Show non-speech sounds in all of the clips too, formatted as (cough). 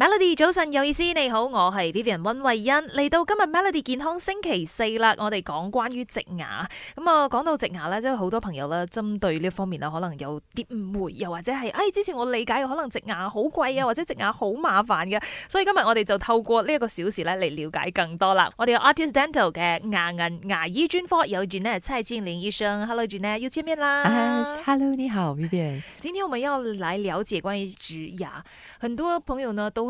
Melody 早晨有意思，你好，我係 Vivian 溫慧欣嚟到今日 Melody 健康星期四啦。我哋講關於植牙，咁啊講到植牙咧，即係好多朋友咧，針對呢方面咧，可能有啲誤會，又或者係，哎，之前我理解可能植牙好貴啊，或者植牙好麻煩嘅，所以今日我哋就透過呢一個小時咧嚟了解更多啦。我哋有 Artist Dental 嘅牙齦牙醫專科有專業蔡清琳醫生，Hello Jane 要見面啦。啊、Hello 你好，Vivian。今天我們要嚟了解關於植牙，很多朋友呢都。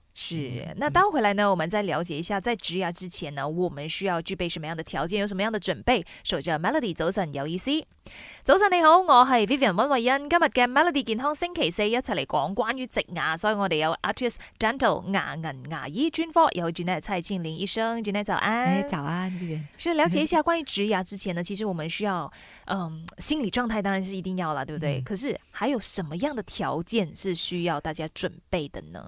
是，那倒回來呢，我們再了解一下，在植牙之前呢，我們需要具備什麼樣的條件，有什麼樣的準備？守着 Melody，早晨姚一 C，早晨你好，我係 Vivian 溫慧欣，今日嘅 Melody 健康星期四，一齊嚟講關於植牙，所以我哋有 Artist Dental 牙齦牙醫 Jane Ford，有 Jeanette 蔡慶林醫生，Jeanette 早安，早安，所以了解一下關於植牙之前呢？其實我們需要，嗯，心理狀態當然是一定要啦，對不對？嗯、可是還有什麼樣的條件是需要大家準備的呢？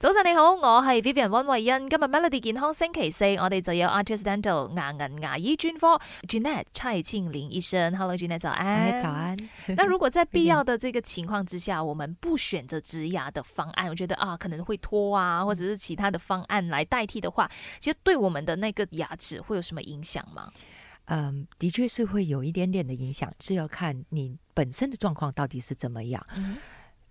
早晨你好，我係 Vivian Won 溫慧欣，今日 Melody 健康星期四，我哋就有 Artis Dental 牙齦牙醫專科 Jeanette 蔡慶林醫生，Hello Jeanette 早安。早安。 (laughs) 那如果在必要的這個情況之下，我們不選擇植牙的方案，我覺得啊可能會拖啊，或者是其他的方案來代替的話，其實對我們的那個牙齒會有什麼影響嗎？嗯，的確是會有一點點的影響，是要看你本身的狀況到底是怎麼樣。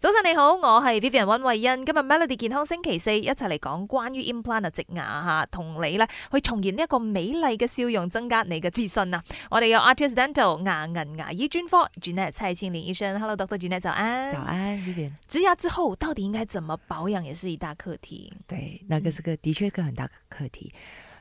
早晨你好，我係 Vivian 溫慧欣，今日 Melody 健康星期四一齊嚟講關於 implant 嘅植牙吓，同你咧去重現呢一個美麗嘅笑容，增加你嘅自信啊！我哋有 Artist Dental 牙齦牙醫專科 Janet 蔡千林醫生，Hello Doctor，Janet，早安。早安，Vivian。植牙之後到底應該怎麼保養，也是一大課題。對，那個是個的確個很大嘅課題。嗯